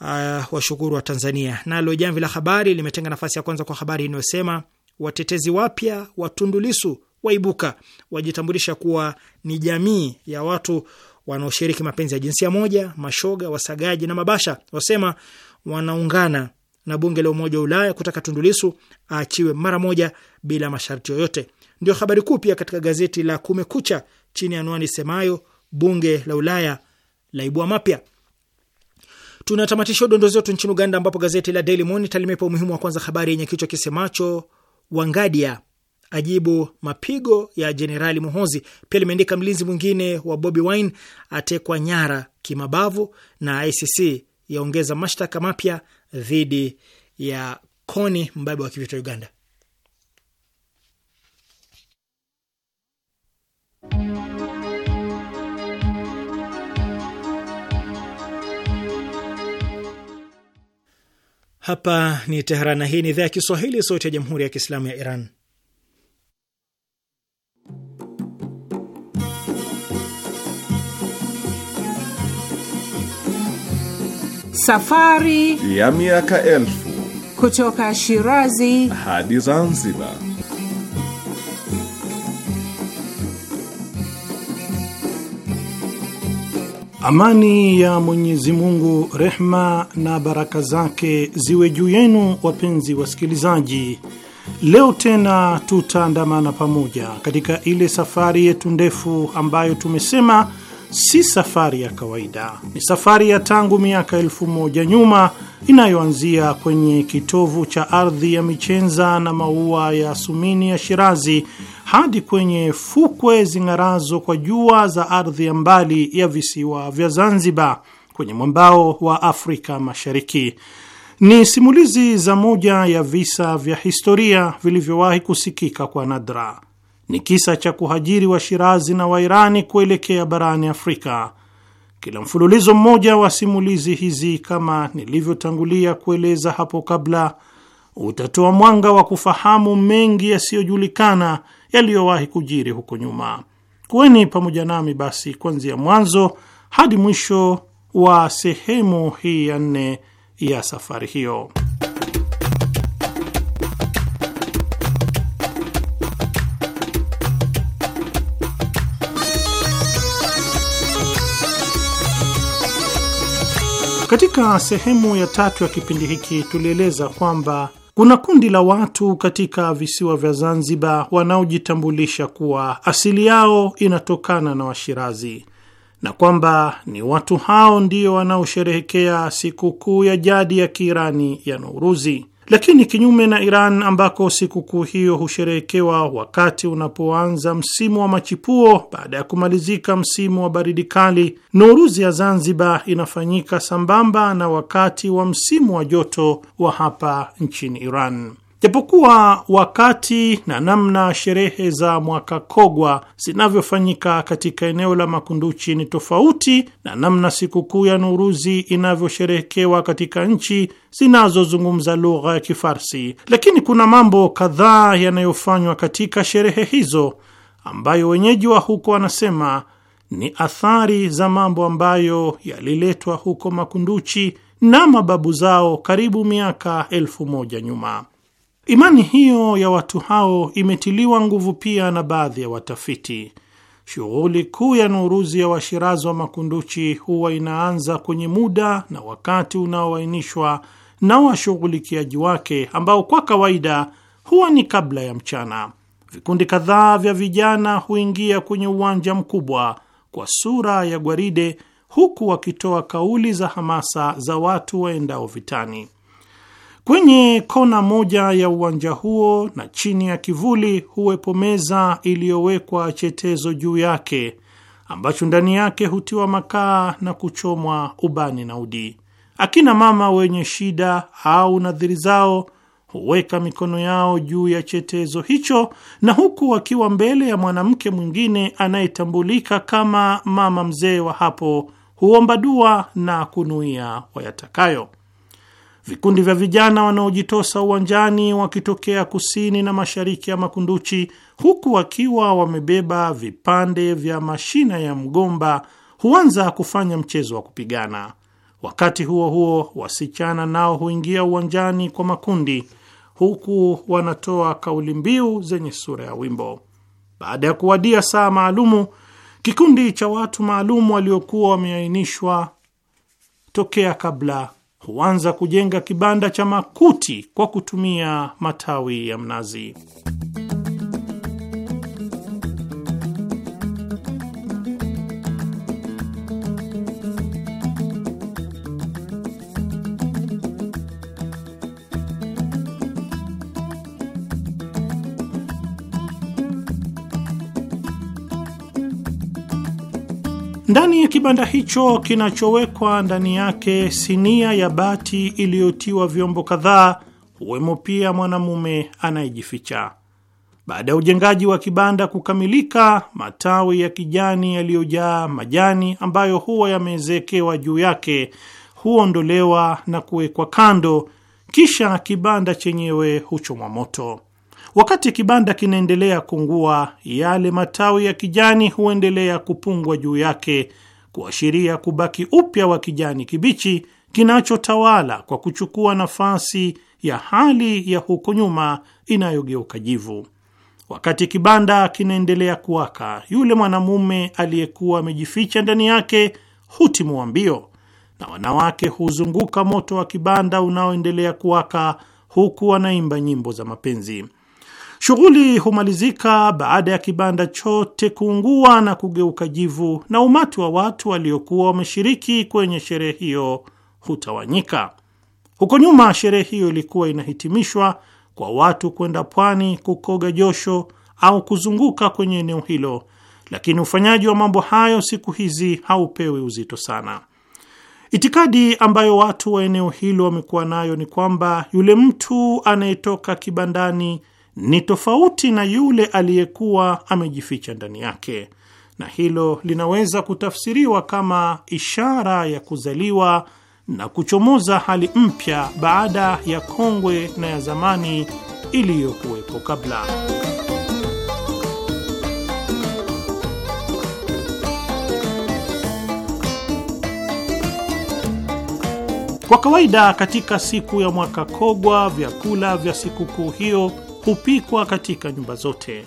uh, washukuru wa Tanzania. Nalo jamvi la habari limetenga nafasi ya kwanza kwa habari inayosema watetezi wapya watundulisu waibuka, wajitambulisha kuwa ni jamii ya watu wanaoshiriki mapenzi ya jinsia moja, mashoga, wasagaji na mabasha. Wasema wanaungana na bunge la Umoja wa Ulaya kutaka Tundulisu aachiwe mara moja bila masharti yoyote. Ndio habari kuu pia katika gazeti la Kumekucha chini ya anwani semayo bunge la Ulaya laibua mapya. Tunatamatisha udondozi wetu nchini Uganda, ambapo gazeti la Daily Monitor limeipa umuhimu wa kwanza habari yenye kichwa kisemacho Wangadia ajibu mapigo ya Jenerali Muhozi. Pia limeandika mlinzi mwingine wa Bobi Wine atekwa nyara kimabavu, na ICC yaongeza mashtaka mapya dhidi ya Koni, mbabe wa kivita Uganda. Hapa ni Teheran na hii ni idhaa ya Kiswahili, sauti ya jamhuri ya kiislamu ya Iran. Safari ya miaka elfu kutoka Shirazi hadi Zanzibar. Amani ya Mwenyezi Mungu, rehma na baraka zake ziwe juu yenu, wapenzi wasikilizaji. Leo tena tutaandamana pamoja katika ile safari yetu ndefu ambayo tumesema si safari ya kawaida, ni safari ya tangu miaka elfu moja nyuma inayoanzia kwenye kitovu cha ardhi ya michenza na maua ya sumini ya Shirazi hadi kwenye fukwe zing'arazo kwa jua za ardhi ya mbali ya visiwa vya Zanzibar kwenye mwambao wa Afrika Mashariki. Ni simulizi za moja ya visa vya historia vilivyowahi kusikika kwa nadra ni kisa cha kuhajiri Washirazi na Wairani kuelekea barani Afrika. Kila mfululizo mmoja wa simulizi hizi, kama nilivyotangulia kueleza hapo kabla, utatoa mwanga wa kufahamu mengi yasiyojulikana yaliyowahi kujiri huko nyuma. Kuweni pamoja nami basi kuanzia mwanzo hadi mwisho wa sehemu hii ya nne ya safari hiyo. Katika sehemu ya tatu ya kipindi hiki tulieleza kwamba kuna kundi la watu katika visiwa vya Zanzibar wanaojitambulisha kuwa asili yao inatokana na Washirazi na kwamba ni watu hao ndio wanaosherehekea sikukuu ya jadi ya Kiirani ya Nouruzi. Lakini kinyume na Iran ambako sikukuu hiyo husherehekewa wakati unapoanza msimu wa machipuo baada ya kumalizika msimu wa baridi kali, Nouruzi ya Zanzibar inafanyika sambamba na wakati wa msimu wa joto wa hapa nchini Iran. Japokuwa wakati na namna sherehe za mwaka kogwa zinavyofanyika katika eneo la Makunduchi ni tofauti na namna sikukuu ya Nuruzi inavyosherehekewa katika nchi zinazozungumza lugha ya Kifarsi, lakini kuna mambo kadhaa yanayofanywa katika sherehe hizo ambayo wenyeji wa huko wanasema ni athari za mambo ambayo yaliletwa huko Makunduchi na mababu zao karibu miaka elfu moja nyuma. Imani hiyo ya watu hao imetiliwa nguvu pia na baadhi ya watafiti. Shughuli kuu ya Nuruzi ya Washirazi wa Makunduchi huwa inaanza kwenye muda na wakati unaoainishwa na washughulikiaji wake ambao kwa kawaida huwa ni kabla ya mchana. Vikundi kadhaa vya vijana huingia kwenye uwanja mkubwa kwa sura ya gwaride, huku wakitoa kauli za hamasa za watu waendao vitani. Kwenye kona moja ya uwanja huo na chini ya kivuli huwepo meza iliyowekwa chetezo juu yake ambacho ndani yake hutiwa makaa na kuchomwa ubani na udi. Akina mama wenye shida au nadhiri zao huweka mikono yao juu ya chetezo hicho, na huku wakiwa mbele ya mwanamke mwingine anayetambulika kama mama mzee wa hapo, huomba dua na kunuia wayatakayo. Vikundi vya vijana wanaojitosa uwanjani wakitokea kusini na mashariki ya Makunduchi, huku wakiwa wamebeba vipande vya mashina ya mgomba, huanza kufanya mchezo wa kupigana. Wakati huo huo, wasichana nao huingia uwanjani kwa makundi, huku wanatoa kauli mbiu zenye sura ya wimbo. Baada ya kuwadia saa maalumu, kikundi cha watu maalum waliokuwa wameainishwa tokea kabla huanza kujenga kibanda cha makuti kwa kutumia matawi ya mnazi. Ndani ya kibanda hicho kinachowekwa ndani yake sinia ya bati iliyotiwa vyombo kadhaa, huwemo pia mwanamume anayejificha. Baada ya ujengaji wa kibanda kukamilika, matawi ya kijani yaliyojaa majani ambayo huwa yameezekewa juu yake huondolewa na kuwekwa kando, kisha kibanda chenyewe huchomwa moto. Wakati kibanda kinaendelea kungua, yale matawi ya kijani huendelea kupungwa juu yake, kuashiria kubaki upya wa kijani kibichi kinachotawala kwa kuchukua nafasi ya hali ya huko nyuma inayogeuka jivu. Wakati kibanda kinaendelea kuwaka, yule mwanamume aliyekuwa amejificha ndani yake hutimua mbio, na wanawake huzunguka moto wa kibanda unaoendelea kuwaka, huku wanaimba nyimbo za mapenzi. Shughuli humalizika baada ya kibanda chote kuungua na kugeuka jivu, na umati wa watu waliokuwa wameshiriki kwenye sherehe hiyo hutawanyika. Huko nyuma, sherehe hiyo ilikuwa inahitimishwa kwa watu kwenda pwani kukoga josho au kuzunguka kwenye eneo hilo, lakini ufanyaji wa mambo hayo siku hizi haupewi uzito sana. Itikadi ambayo watu wa eneo hilo wamekuwa nayo ni kwamba yule mtu anayetoka kibandani ni tofauti na yule aliyekuwa amejificha ndani yake, na hilo linaweza kutafsiriwa kama ishara ya kuzaliwa na kuchomoza hali mpya baada ya kongwe na ya zamani iliyokuwepo kabla. Kwa kawaida katika siku ya mwaka kogwa, vyakula vya sikukuu hiyo hupikwa katika nyumba zote.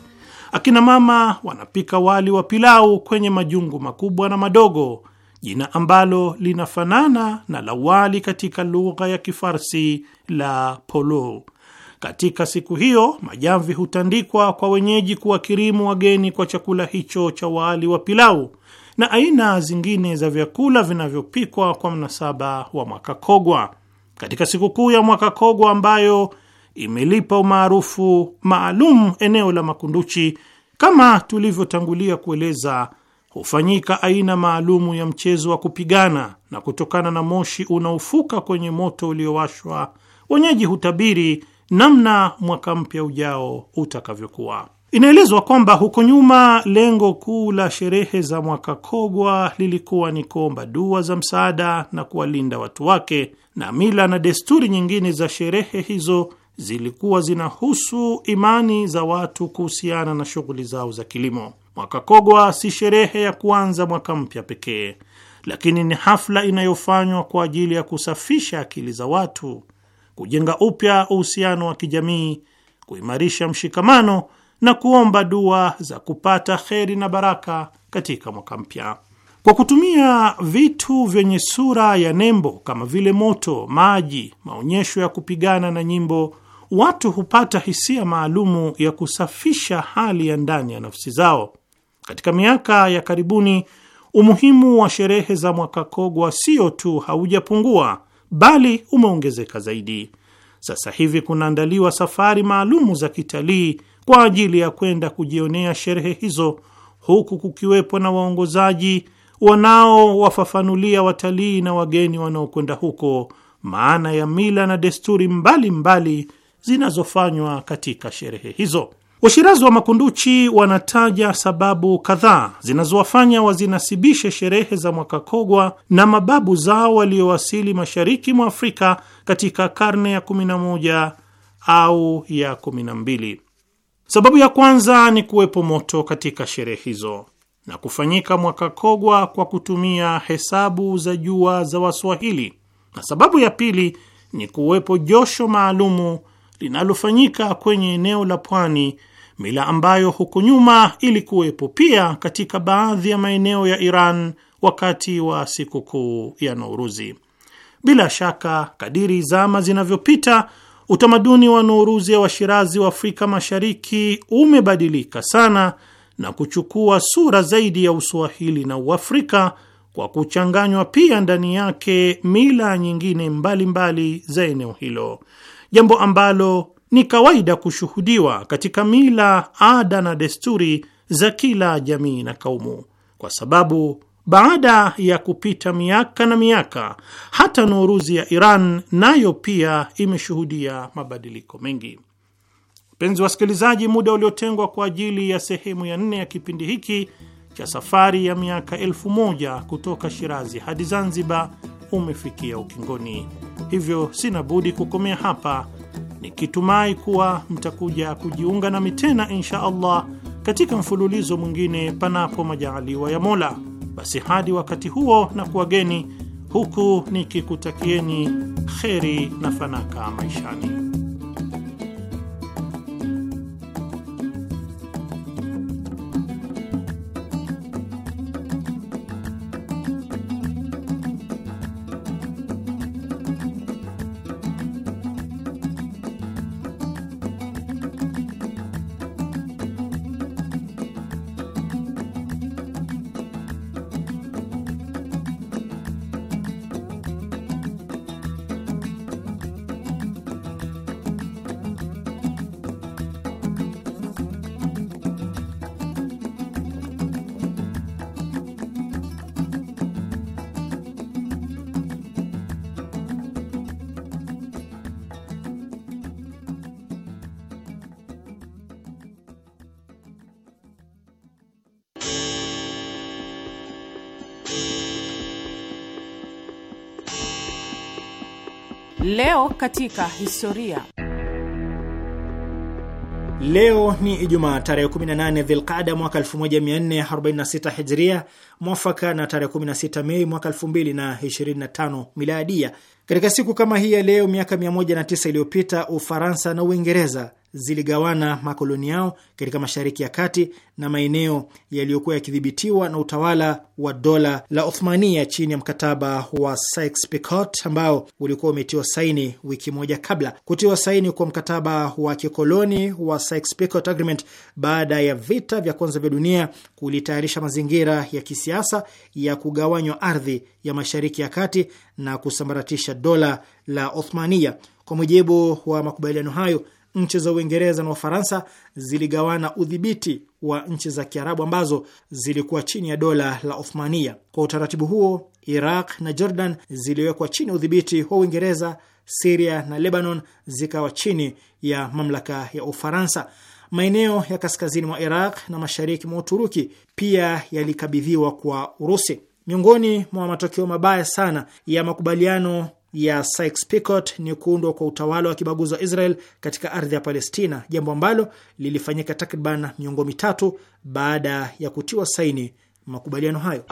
Akina mama wanapika wali wa pilau kwenye majungu makubwa na madogo, jina ambalo linafanana na la wali katika lugha ya Kifarsi la polo. Katika siku hiyo majamvi hutandikwa kwa wenyeji kuwakirimu wageni kwa chakula hicho cha wali wa pilau na aina zingine za vyakula vinavyopikwa kwa mnasaba wa mwaka kogwa. Katika sikukuu ya mwaka kogwa ambayo imelipa umaarufu maalum eneo la Makunduchi. Kama tulivyotangulia kueleza, hufanyika aina maalumu ya mchezo wa kupigana, na kutokana na moshi unaofuka kwenye moto uliowashwa, wenyeji hutabiri namna mwaka mpya ujao utakavyokuwa. Inaelezwa kwamba huko nyuma lengo kuu la sherehe za mwaka Kogwa lilikuwa ni kuomba dua za msaada na kuwalinda watu wake, na mila na desturi nyingine za sherehe hizo zilikuwa zinahusu imani za watu kuhusiana na shughuli zao za kilimo. Mwaka Kogwa si sherehe ya kuanza mwaka mpya pekee, lakini ni hafla inayofanywa kwa ajili ya kusafisha akili za watu, kujenga upya uhusiano wa kijamii, kuimarisha mshikamano na kuomba dua za kupata kheri na baraka katika mwaka mpya. Kwa kutumia vitu vyenye sura ya nembo kama vile moto, maji, maonyesho ya kupigana na nyimbo, watu hupata hisia maalumu ya kusafisha hali ya ndani ya nafsi zao. Katika miaka ya karibuni, umuhimu wa sherehe za mwaka kogwa sio tu haujapungua, bali umeongezeka zaidi. Sasa hivi kunaandaliwa safari maalumu za kitalii kwa ajili ya kwenda kujionea sherehe hizo, huku kukiwepo na waongozaji wanaowafafanulia watalii na wageni wanaokwenda huko maana ya mila na desturi mbalimbali mbali zinazofanywa katika sherehe hizo. Washirazi wa Makunduchi wanataja sababu kadhaa zinazowafanya wazinasibishe sherehe za mwaka Kogwa na mababu zao waliowasili mashariki mwa Afrika katika karne ya 11 au ya 12. Sababu ya kwanza ni kuwepo moto katika sherehe hizo na kufanyika mwaka Kogwa kwa kutumia hesabu za jua za Waswahili, na sababu ya pili ni kuwepo josho maalumu linalofanyika kwenye eneo la pwani, mila ambayo huko nyuma ilikuwepo pia katika baadhi ya maeneo ya Iran wakati wa sikukuu ya Nouruzi. Bila shaka, kadiri zama zinavyopita, utamaduni wa Nouruzi ya Washirazi wa Afrika Mashariki umebadilika sana na kuchukua sura zaidi ya Uswahili na Uafrika kwa kuchanganywa pia ndani yake mila nyingine mbalimbali mbali za eneo hilo jambo ambalo ni kawaida kushuhudiwa katika mila, ada na desturi za kila jamii na kaumu, kwa sababu baada ya kupita miaka na miaka, hata Nuruzi ya Iran nayo pia imeshuhudia mabadiliko mengi. Mpenzi wasikilizaji, muda uliotengwa kwa ajili ya sehemu ya nne ya kipindi hiki cha safari ya miaka elfu moja kutoka Shirazi hadi Zanzibar umefikia ukingoni, hivyo sina budi kukomea hapa nikitumai kuwa mtakuja kujiunga nami tena insha Allah katika mfululizo mwingine, panapo majaaliwa ya Mola. Basi hadi wakati huo, na kuwageni huku nikikutakieni kheri na fanaka maishani. Leo katika historia. Leo ni Ijumaa tarehe 18 Dhilqada mwaka 1446 Hijria, mwafaka na tarehe 16 Mei mwaka 2025 Miladia. Katika siku kama hii ya leo miaka 109 iliyopita Ufaransa na Uingereza ziligawana makoloni yao katika Mashariki ya Kati na maeneo yaliyokuwa yakidhibitiwa na utawala wa dola la Othmania chini ya mkataba wa Sykes-Picot ambao ulikuwa umetiwa saini wiki moja kabla. Kutiwa saini kwa mkataba wa kikoloni wa Sykes-Picot Agreement baada ya vita vya kwanza vya dunia kulitayarisha mazingira ya kisiasa ya kugawanywa ardhi ya Mashariki ya Kati na kusambaratisha dola la Othmania. Kwa mujibu wa makubaliano hayo, nchi za Uingereza na Ufaransa ziligawana udhibiti wa nchi za Kiarabu ambazo zilikuwa chini ya dola la Othmania. Kwa utaratibu huo, Iraq na Jordan ziliwekwa chini ya udhibiti wa Uingereza, Siria na Lebanon zikawa chini ya mamlaka ya Ufaransa. Maeneo ya kaskazini mwa Iraq na mashariki mwa Uturuki pia yalikabidhiwa kwa Urusi. Miongoni mwa matokeo mabaya sana ya makubaliano ya Sykes-Picot ni kuundwa kwa utawala wa kibaguzi wa Israel katika ardhi ya Palestina, jambo ambalo lilifanyika takriban miongo mitatu baada ya kutiwa saini makubaliano hayo.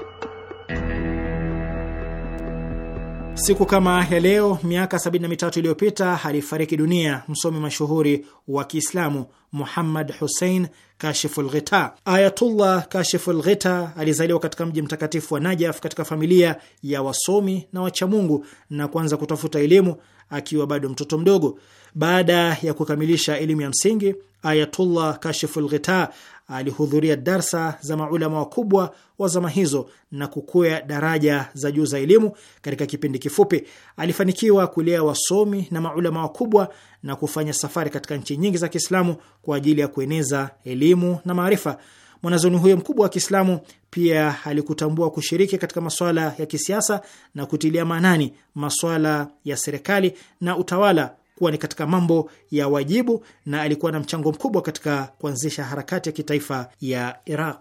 Siku kama ya leo miaka 73 iliyopita alifariki dunia msomi mashuhuri wa Kiislamu Muhammad Hussein Kashiful Ghita. Ayatullah Kashiful Ghita alizaliwa katika mji mtakatifu wa Najaf katika familia ya wasomi na wachamungu na kuanza kutafuta elimu akiwa bado mtoto mdogo. Baada ya kukamilisha elimu ya msingi, Ayatullah Kashiful Ghita alihudhuria darsa za maulama wakubwa wa zama hizo na kukwea daraja za juu za elimu. Katika kipindi kifupi, alifanikiwa kulea wasomi na maulama wakubwa na kufanya safari katika nchi nyingi za Kiislamu kwa ajili ya kueneza elimu na maarifa. Mwanazoni huyo mkubwa wa Kiislamu pia alikutambua kushiriki katika masuala ya kisiasa na kutilia maanani masuala ya serikali na utawala kuwa ni katika mambo ya wajibu na alikuwa na mchango mkubwa katika kuanzisha harakati ya kitaifa ya Iraq.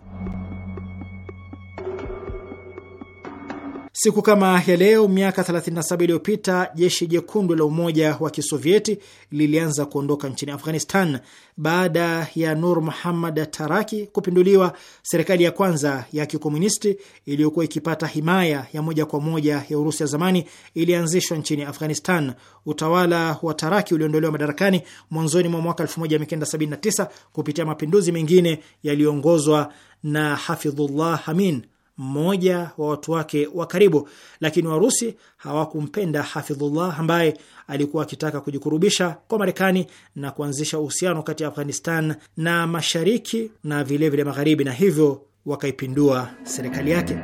Siku kama ya leo miaka 37 iliyopita jeshi jekundu la Umoja wa Kisovieti lilianza kuondoka nchini Afghanistan baada ya Nur Muhammad Taraki kupinduliwa. Serikali ya kwanza ya kikomunisti iliyokuwa ikipata himaya ya moja kwa moja ya Urusi ya zamani ilianzishwa nchini Afghanistan. Utawala wa Taraki uliondolewa madarakani mwanzoni mwa mwaka 1979 kupitia mapinduzi mengine yaliyoongozwa na Hafidhullah Amin mmoja wa watu wake wa karibu, lakini Warusi hawakumpenda Hafidhullah ambaye alikuwa akitaka kujikurubisha kwa Marekani na kuanzisha uhusiano kati ya Afghanistan na mashariki na vilevile vile magharibi, na hivyo wakaipindua serikali yake.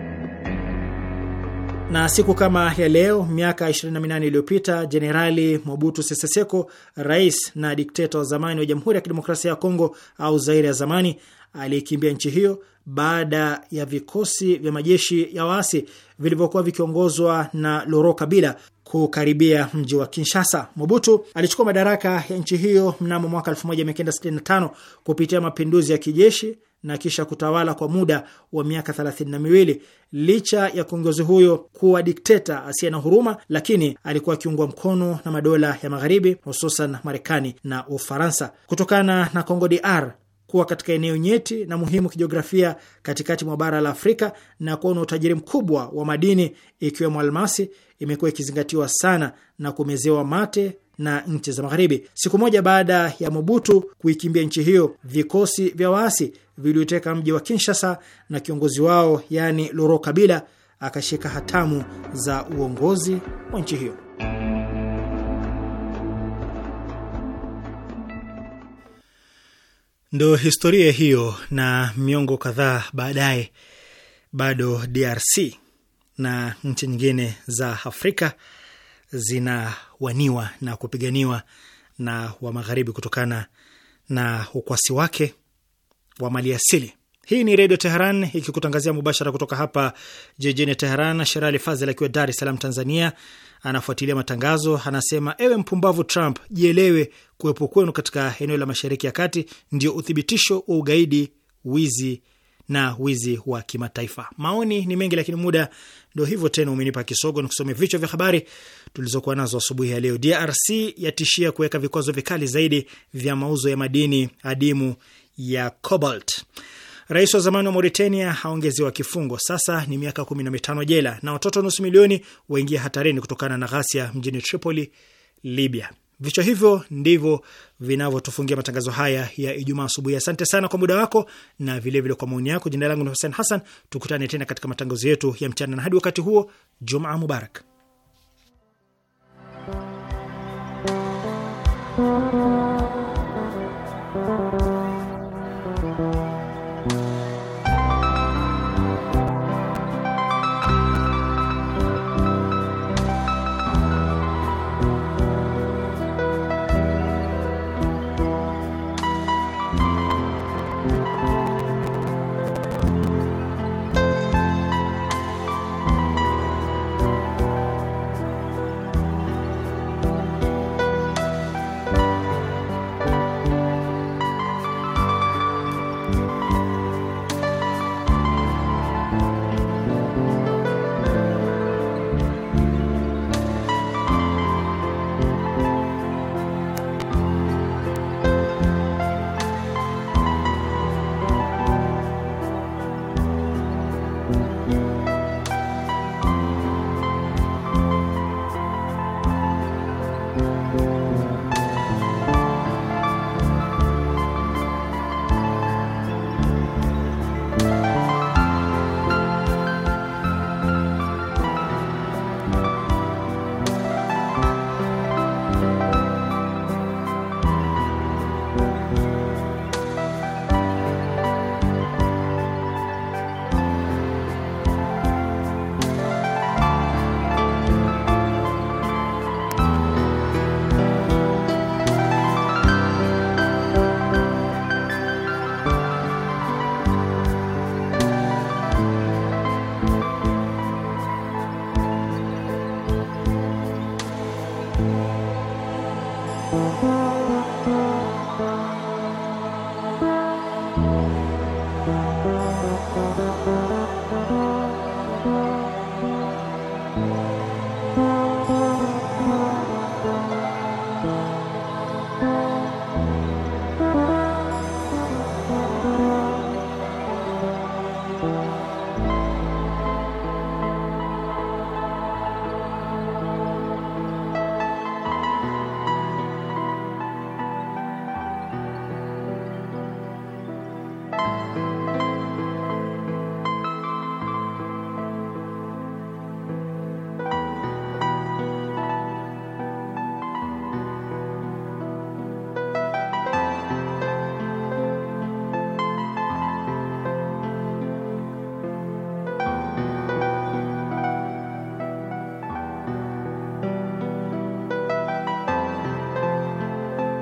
Na siku kama ya leo miaka 28 iliyopita Jenerali Mobutu Sese Seko, rais na dikteta wa zamani wa Jamhuri ya Kidemokrasia ya Kongo au Zaire ya zamani aliyekimbia nchi hiyo baada ya vikosi vya majeshi ya waasi vilivyokuwa vikiongozwa na Loro Kabila kukaribia mji wa Kinshasa. Mobutu alichukua madaraka ya nchi hiyo mnamo mwaka 1965 kupitia mapinduzi ya kijeshi na kisha kutawala kwa muda wa miaka thelathini na miwili. Licha ya kiongozi huyo kuwa dikteta asiye na huruma, lakini alikuwa akiungwa mkono na madola ya Magharibi, hususan Marekani na Ufaransa. Kutokana na Congo DR kuwa katika eneo nyeti na muhimu kijiografia katikati mwa bara la Afrika na kuwa na utajiri mkubwa wa madini ikiwemo almasi, imekuwa ikizingatiwa sana na kumezewa mate na nchi za Magharibi. Siku moja baada ya Mobutu kuikimbia nchi hiyo, vikosi vya waasi viliuteka mji wa Kinshasa na kiongozi wao yaani Loro Kabila akashika hatamu za uongozi wa nchi hiyo. Ndo historia hiyo, na miongo kadhaa baadaye bado DRC na nchi nyingine za Afrika zinawaniwa na kupiganiwa na wa Magharibi kutokana na ukwasi wake wa maliasili. Hii ni Redio Teheran ikikutangazia mubashara kutoka hapa jijini Teheran. Sherali Fazel akiwa Dar es Salaam, Tanzania, anafuatilia matangazo. Anasema, ewe mpumbavu Trump, jielewe, kuwepo kwenu katika eneo la Mashariki ya Kati ndio uthibitisho wa ugaidi, wizi na wizi wa kimataifa. Maoni ni mengi, lakini muda ndo hivyo tena, umenipa kisogo. Ni kusomea vichwa vya habari tulizokuwa nazo asubuhi ya leo. DRC yatishia kuweka vikwazo vikali zaidi vya mauzo ya madini adimu ya cobalt. Rais wa zamani wa Mauritania haongezewa kifungo, sasa ni miaka kumi na mitano jela, na watoto nusu milioni waingia hatarini kutokana na ghasia mjini Tripoli, Libya. Vichwa hivyo ndivyo vinavyotufungia matangazo haya ya Ijumaa asubuhi. Asante sana kwa muda wako na vilevile vile kwa maoni yako. Jina langu ni Hussein Hassan, tukutane tena katika matangazo yetu ya mchana, na hadi wakati huo, Jumaa Mubarak.